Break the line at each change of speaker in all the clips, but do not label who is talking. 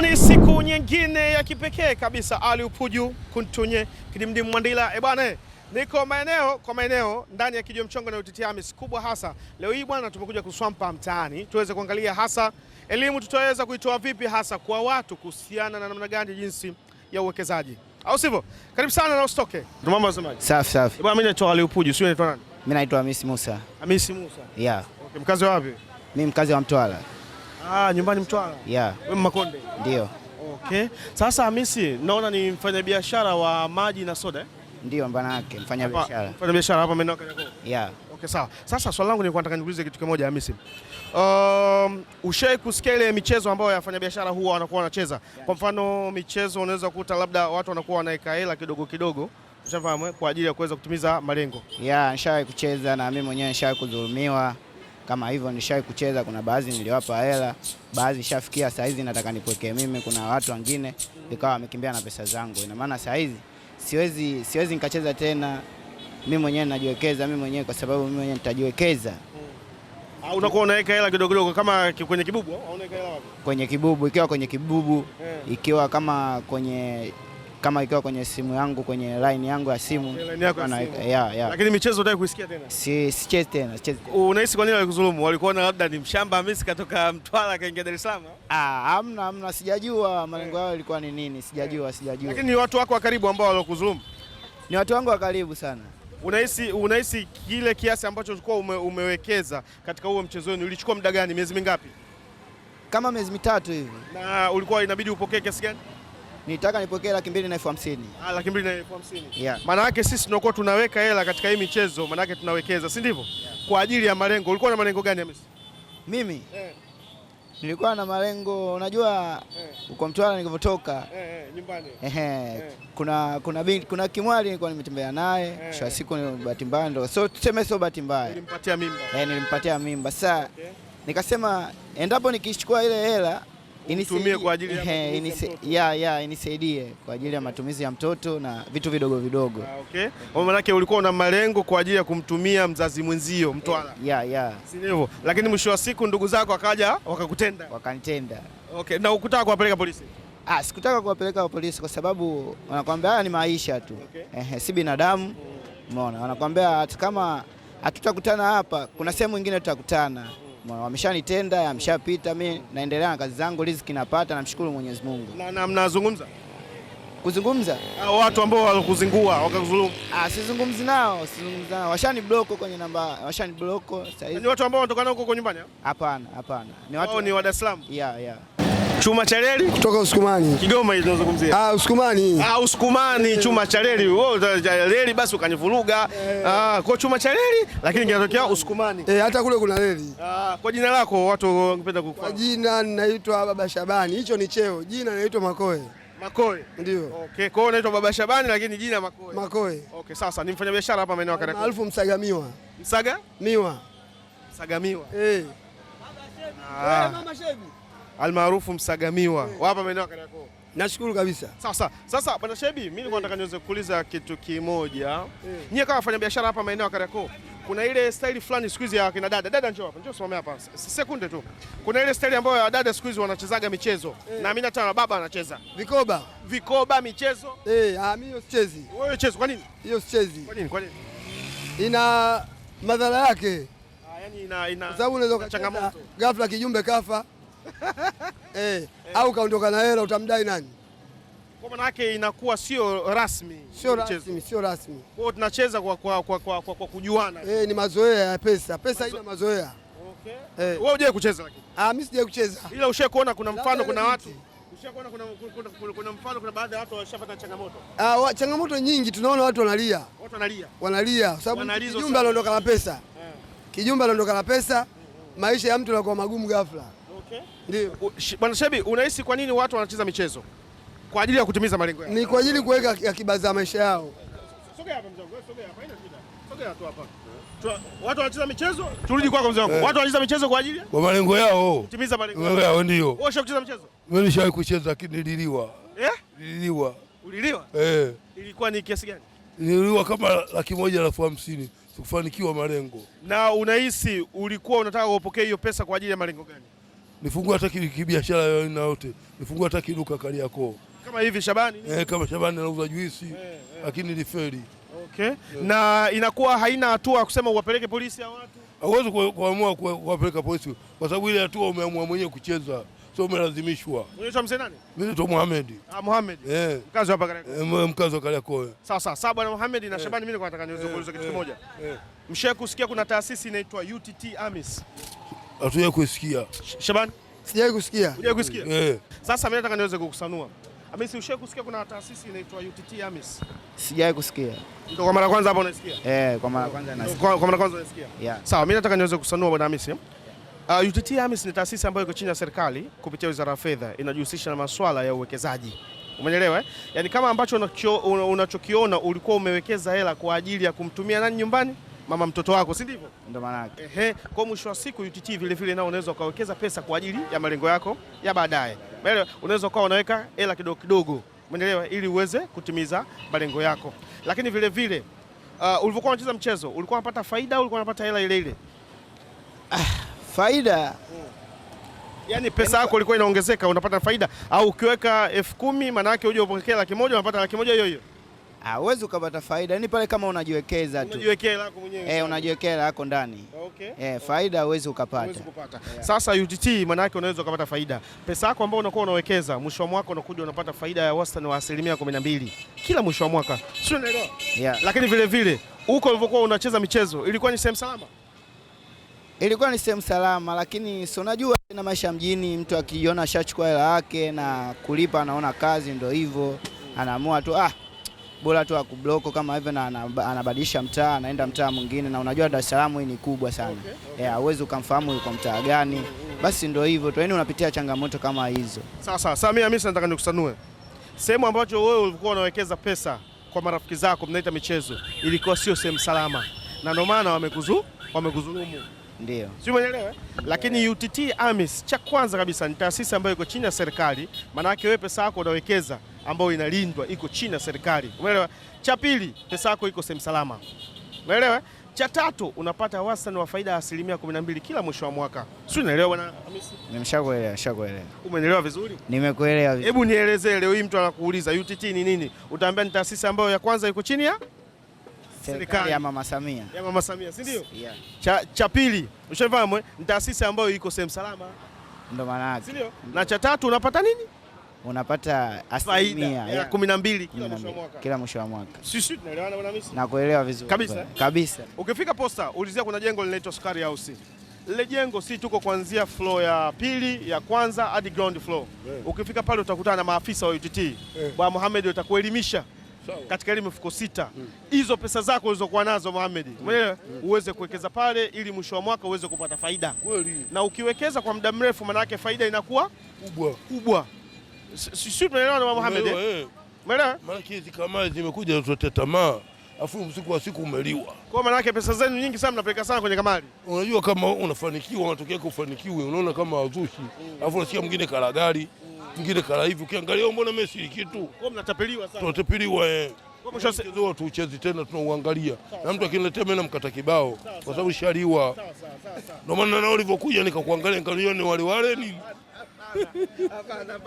Leo ni siku nyingine ya kipekee kabisa. Ali Upuju kuntunye kidimdimu Mwandila, e bwana, eh, niko maeneo kwa maeneo ndani ya Kijiwe Mchongo na UTT AMIS kubwa hasa. Leo hii bwana, tumekuja kuswampa mtaani tuweze kuangalia hasa elimu tutaweza kuitoa vipi hasa kwa watu kuhusiana na namna gani jinsi ya uwekezaji, au sivyo? Karibu sana na usitoke.
Mambo unasemaje?
Safi safi. Eh
bwana, mimi naitwa Ali Upuju, sio naitwa nani?
Mimi naitwa Hamisi Musa. Hamisi Musa. Yeah.
Okay, mkazi wapi?
Mimi mkazi wa Mtwara.
Ah, nyumbani Mtwara. Yeah. Wewe Makonde. Ndio. Okay. Sasa Hamisi, naona ni mfanyabiashara wa maji na soda eh?
Ndio, mbana yake mfanyabiashara.
Mfanyabiashara hapa maeneo yako. Yeah. Okay, sawa. Sasa swali langu ni kwa nataka nikuulize kitu kimoja Hamisi. Um, ushawahi kusikia ile michezo ambayo wafanyabiashara huwa wanakuwa wanacheza? Kwa mfano michezo unaweza kukuta labda watu wanakuwa wanaweka hela kidogo kidogo ushafahamu, eh, kwa ajili ya kuweza kutimiza malengo.
Yeah, nishawahi kucheza na mimi mwenyewe nishawahi kudhulumiwa kama hivyo. Nishawahi kucheza, kuna baadhi niliwapa hela, baadhi shafikia saizi nataka nipokee mimi, kuna watu wengine ikawa wamekimbia na pesa zangu. Ina maana saizi siwezi, siwezi nikacheza tena. Mimi mwenyewe najiwekeza mimi mwenyewe, kwa sababu mimi mwenyewe nitajiwekeza
ah, unakuwa unaweka hela kidogo kidogo kama kwenye kibubu au unaweka hela wapi?
Kwenye kibubu, ikiwa kwenye kibubu, eh. ikiwa kama kwenye kama ikiwa kwenye simu yangu kwenye line yangu ya simu.
Lakini michezo unataka kusikia tena?
Si sichezi tena, sichezi.
Unahisi kwa nini walikudhulumu? Walikuona labda ni mshamba Hamisi katoka Mtwara kaingia Dar es Salaam?
Ah, hamna hamna, sijajua malengo yao ilikuwa ni nini, sijajua, sijajua.
Lakini ni watu wako wa karibu ambao walikudhulumu?
Ni watu wangu wa karibu sana.
Unahisi unahisi kile kiasi ambacho ulikuwa ume, umewekeza katika huo mchezo wenu ulichukua muda gani, miezi mingapi?
Kama miezi mitatu hivi.
Na ulikuwa inabidi upokee kiasi gani?
nitaka nipokee laki mbili na elfu hamsini.
Ah, laki mbili na elfu hamsini. Yeah. Maana yake sisi tunakuwa tunaweka hela katika hii michezo, maana yake tunawekeza, si ndivyo? Yeah. Kwa ajili ya malengo. Ulikuwa na malengo gani Hamisi?
Mimi? Yeah. Nilikuwa na malengo, unajua eh. uko Mtwara nilivyotoka
eh, eh, nyumbani.
Yeah, yeah, yeah. Kuna kuna binti, kuna kimwali nilikuwa nimetembea naye yeah. Shwa siku ni bahati mbaya ndo. So tuseme sio bahati mbaya.
Nilimpatia mimba.
Eh, nilimpatia mimba. Sasa okay. Nikasema endapo nikichukua ile hela
inisaidie kwa ajili ya
yeah, yeah, inisaidie kwa ajili ya matumizi ya mtoto na vitu vidogo vidogo. Ah,
okay. yake ulikuwa una malengo kwa ajili ya kumtumia mzazi mwenzio Mtwara. Yeah, yeah. Si ndivyo? Lakini mwisho wa siku ndugu zako akaja wakakutenda.
Wakanitenda.
Okay. Na ukutaka kuwapeleka polisi?
Ah, sikutaka kuwapeleka polisi kwa sababu wanakwambia haya ni maisha tu. Okay. Eh, si binadamu. Umeona? Wanakwambia hata kama hatutakutana hapa, kuna sehemu nyingine tutakutana wameshanitenda, ameshapita mi naendelea na kazi zangu, riziki napata, namshukuru Mwenyezi Mungu.
Na mnazungumza kuzungumza watu ambao wakuzingua wakakuzulumu?
Ah, sizungumzi nao, sizungumzi nao, washani bloko kwenye namba, washani bloko. Sasa
ni watu ambao wanatoka huko huko nyumbani? Eh?
Hapana, hapana,
ni watu ni wa Dar es Salaam. Yeah, yeah. Chuma cha reli
kutoka Usukumani.
Kigoma hizo tunazungumzia.
Ah, Usukumani.
Ah, Usukumani chuma cha reli. Wewe reli basi ukanivuruga. Eh. Ah, kwa chuma cha reli lakini kinatokea Usukumani.
Eh, hata kule kuna reli.
Ah, kwa jina lako watu
wangependa kukufahamu. Kwa jina ninaitwa Baba Shabani. Hicho ni cheo. Jina naitwa Makoe. Makoe. Ndio.
Okay, kwa hiyo naitwa Baba Shabani lakini jina Makoe. Makoe. Okay, sasa ni mfanyabiashara hapa maeneo ya Karaka.
Alfu msagamiwa. Msaga? Miwa. Msagamiwa. Eh. Hey.
Ah. Mama Shebi almaarufu Msagamiwa yeah. Wapa maeneo ya Kariakoo.
Nashukuru kabisa.
Sawa sawa. Sasa bwana Shebi, mimi nilikuwa nataka niweze kuuliza kitu kimoja. Eh. Nyie kama wafanya biashara hapa maeneo ya Kariakoo, kuna ile staili fulani siku hizi ya kina dada. Dada njoo hapa, njoo simame hapa. Sekunde tu. Kuna ile staili ambayo ya dada siku hizi wanachezaga michezo. Yeah. Na mimi hata baba anacheza. Vikoba. Vikoba michezo?
Eh, hey, ah mimi hiyo sichezi.
Wewe unacheza kwa nini?
Hiyo sichezi. Kwa nini? Kwa nini? Ina madhara yake.
Ah, yani ina ina
sababu unaweza changamoto. Ghafla kijumbe kafa eh, eh, au kaondoka na hela utamdai nani?
Kwa maana yake inakuwa sio rasmi,
sio rasmi, sio rasmi.
Kwa hiyo tunacheza kwa, kwa, kwa, kwa, kwa, kwa kujuana
eh, ni mazoea ya pesa. Pesa haina Mazo... mazoea.
Okay. Eh. Wewe hujawahi kucheza lakini?
Ah, mimi sijawahi kucheza.
Ila ushawahi kuona kuna mfano kuna watu ushawaona kuna, kuna, kuna, kuna mfano kuna baadhi ya watu washapata changamoto.
Ah, wa, changamoto nyingi tunaona watu wanalia. Watu wanalia. Wanalia kwa sababu kijumba aliondoka na pesa. Eh. Kijumba aliondoka na pesa, maisha ya mtu yanakuwa magumu ghafla.
Okay. Ndio. Bwana Shebi, unahisi kwa nini watu wanacheza michezo? Kwa ajili ya kutimiza malengo
yao. Ni kwa ajili kuweka akiba za maisha yao.
Sogea hapa mzee wangu, sogea hapa, haina shida. Sogea tu hapa. Watu wanacheza michezo? Turudi eh. kwako mzee wangu. Eh. Watu wanacheza michezo kwa ajili? Kwa
malengo yao.
Kutimiza malengo yao. ndio. Wewe kucheza michezo?
Mimi nishawahi kucheza lakini nililiwa. Eh? Nililiwa. Uliliwa? Eh.
Ilikuwa ni kiasi gani?
Niliwa kama laki moja na elfu hamsini. kufanikiwa malengo.
Na unahisi ulikuwa unataka kupokea hiyo pesa kwa ajili ya malengo gani?
nifungue hata kibiashara ya aina yote, nifungue hata kiduka Kariakoo
kama hivi Shabani
eh, kama Shabani anauza juisi eh, eh, lakini liferi
okay. Yeah. Na inakuwa haina hatua ya kusema uwapeleke polisi au watu
hauwezi kuamua kuwapeleka polisi kwa sababu ile hatua umeamua mwenyewe kucheza, sio umelazimishwa. Unaitwa mzee nani? Mimi naitwa Mohamed. Ah, Mohamed. Eh.
Mkazi hapa Kariakoo.
Eh, mkazi wa Kariakoo. Eh.
Sawa sawa. Sasa bwana Mohamed na eh. Shabani, mimi nataka niweze kuuliza eh, kitu kimoja. Mshawahi kusikia kuna taasisi inaitwa UTT AMIS?
Hatujawahi kusikia. Shabani, Sijawahi kusikia. Hujawahi kusikia? Eh.
Sasa mimi nataka niweze kukusanua. Amisi, ushawahi kusikia kuna taasisi inaitwa UTT AMIS?
Sijawahi kusikia.
Ndio kwa mara kwanza hapo unasikia?
Eh, kwa mara kwanza nasikia.
Kwa mara kwanza unasikia? Yeah. Sawa, mimi nataka niweze kusanua bwana Amisi. Uh, eh. ah, UTT AMIS ni taasisi ambayo iko chini ya serikali kupitia Wizara ya Fedha inajihusisha na masuala ya uwekezaji. Umenielewa eh? Yaani kama ambacho unachokiona ulikuwa umewekeza hela kwa ajili ya kumtumia nani nyumbani? mama mtoto wako, si ndivyo? Ndio maana yake. Ehe, kwa mwisho wa siku UTT vile vile nao unaweza ukawekeza pesa kwa ajili ya malengo yako ya baadaye. Maana unaweza ukawa unaweka hela kidogo kidogo, umeelewa, ili uweze kutimiza malengo yako. Lakini vile vile uh, ulivyokuwa unacheza mchezo ulikuwa unapata faida au ulikuwa unapata hela ile ile? Ah, faida hmm. Yaani pesa yako ilikuwa inaongezeka, unapata faida au ukiweka elfu kumi maana yake uje upokee laki moja unapata laki moja hiyo hiyo. Ah, huwezi ukapata faida ni yaani pale kama unajiwekeza tu. Unajiwekea lako mwenyewe. Eh, unajiwekea lako ndani. Okay. Eh, faida huwezi ukapata. Huwezi kupata. Yeah. Sasa UTT maana yake unaweza ukapata faida. Pesa yako ambayo unakuwa unawekeza mwisho wa mwaka unakuja unapata faida ya wastani wa asilimia kumi kila mwisho wa mwaka. Sio unaelewa? Yeah. Lakini vile vile huko ulivyokuwa unacheza michezo ilikuwa ni sehemu salama. Ilikuwa ni sehemu salama, lakini si unajua na maisha mjini, mtu akijiona ashachukua hela yake na kulipa, anaona kazi ndio hivyo, anaamua tu ah bora tu akubloko kama hivyo, na anabadilisha mtaa, anaenda mtaa mwingine, na unajua Dar es Salaam hii ni kubwa sana, eh, uwezi ukamfahamu yuko mtaa gani. Basi ndio hivyo tu, yaani unapitia changamoto kama hizo. Sasa mimi mimi nataka nikusanue sehemu ambacho wewe ulikuwa unawekeza pesa kwa marafiki zako, mnaita michezo, ilikuwa sio sehemu salama, na ndio maana wamekuzulumu ndio, sio umeelewa? Eh? Lakini UTT AMIS cha kwanza kabisa ni taasisi ambayo iko chini ya serikali, maana yake wewe pesa yako unawekeza ambayo inalindwa iko chini ya serikali, umeelewa? Cha pili, pesa yako iko sehemu salama, umeelewa? Cha tatu, unapata wastani wa faida ya asilimia 12 kila mwisho wa mwaka, sio unaelewa bwana Hamisi? Nimeshakuelewa, nimeshakuelewa. Umeelewa vizuri? Nimekuelewa vizuri. Hebu nielezee leo hii mtu anakuuliza UTT ni nini, utaambia ni taasisi ambayo ya kwanza iko chini ya serikali ya Mama Samia, ya Mama Samia, si ndio? Yeah. Cha, cha pili ushafahamu eh, ni taasisi ambayo iko sehemu salama, ndio maana yake, si ndio? Na cha tatu unapata nini? Unapata asilimia ya kumi na mbili kila mwisho wa mwaka. Sisi tunaelewana bwana Misi? Nakuelewa vizuri kabisa, kabisa. Ukifika posta ulizia kuna jengo linaitwa Sukari House. Lile jengo si tuko kuanzia floor ya pili ya kwanza hadi ground floor. Yeah. Ukifika pale utakutana na maafisa wa UTT. Yeah. Bwana Mohamed atakuelimisha katika ile mifuko sita hmm. hizo pesa zako ulizokuwa nazo Mohamed, hmm. umeelewa uweze kuwekeza pale ili mwisho wa mwaka uweze kupata faida kweli, na ukiwekeza kwa muda mrefu, maana yake faida inakuwa kubwa kubwa, sio? Tunaelewa na Mohamed, eh? Eh? umeelewa? Maana hizi kama zimekuja zote tamaa afu usiku wa siku umeliwa. Kwa maana yake pesa zenu nyingi sana mnapeleka sana kwenye kamari. Unajua kama unafanikiwa unatokea kufanikiwa, unaona kama wazushi, hmm. afu unasikia mwingine kalagari mwingine kala hivi, ukiangalia mbona Messi ni kitu. Kwa mnatapeliwa sana. Tunatapeliwa eh. Mchezo wote uchezi tena tunauangalia. Na mtu akiniletea mimi namkata kibao kwa sababu shariwa Ndio maana na ulivyokuja nikakuangalia nikaona ni wale wale ni Hapana,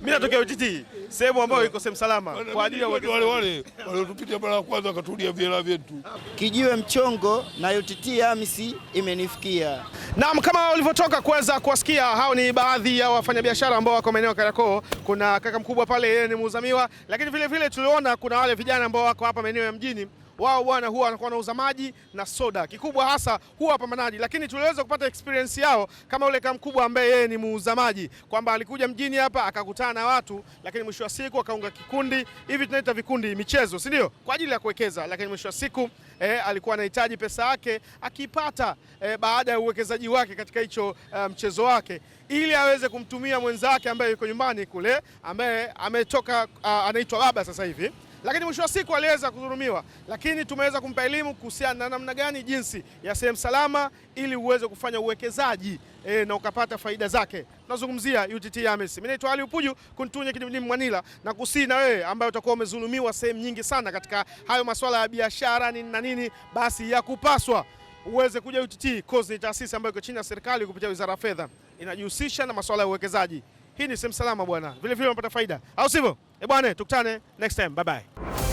Mimi natokea UTT, sehemu ambayo iko sehemu salama kwa ajili ya wale wale waliotupitia mara ya kwanza wakatulia vyela vyetu. Kijiwe mchongo na UTT Hamisi imenifikia. Naam, kama ulivyotoka kuweza kuwasikia, hao ni baadhi ya wafanyabiashara ambao wako maeneo ya Kariakoo. Kuna kaka mkubwa pale, yeye ni muuzamiwa, lakini vile vile tuliona kuna wale vijana ambao wako hapa maeneo ya mjini wao bwana huwa wanakuwa wanauza maji na soda, kikubwa hasa huwa wapambanaji, lakini tuliweza kupata experience yao kama ule kama mkubwa ambaye yeye ni muuza maji, kwamba alikuja mjini hapa akakutana na watu, lakini mwisho wa siku akaunga kikundi hivi, tunaita vikundi michezo, si ndio, kwa ajili ya kuwekeza, lakini mwisho wa siku eh, alikuwa anahitaji pesa yake akipata eh, baada ya uwekezaji wake katika hicho eh, mchezo wake ili aweze kumtumia mwenzake ambaye yuko nyumbani kule ambaye ametoka ah, anaitwa baba sasa hivi lakini mwisho wa siku aliweza kudhulumiwa, lakini tumeweza kumpa elimu kuhusiana na namna gani jinsi ya sehemu salama ili uweze kufanya uwekezaji e, na ukapata faida zake. Tunazungumzia UTT AMIS. Mimi naitwa Ali Upuju kuntunye kidimdimu Mwanila na kusii na wewe ambaye utakuwa umezulumiwa sehemu nyingi sana katika hayo masuala ya biashara nini na nini, basi ya kupaswa uweze kuja UTT. Ni taasisi ambayo iko chini ya serikali kupitia Wizara ya Fedha, inajihusisha na masuala ya uwekezaji hii ni sehemu salama bwana, vile unapata faida, au sivyo? Eh bwana, tukutane next time, bye bye.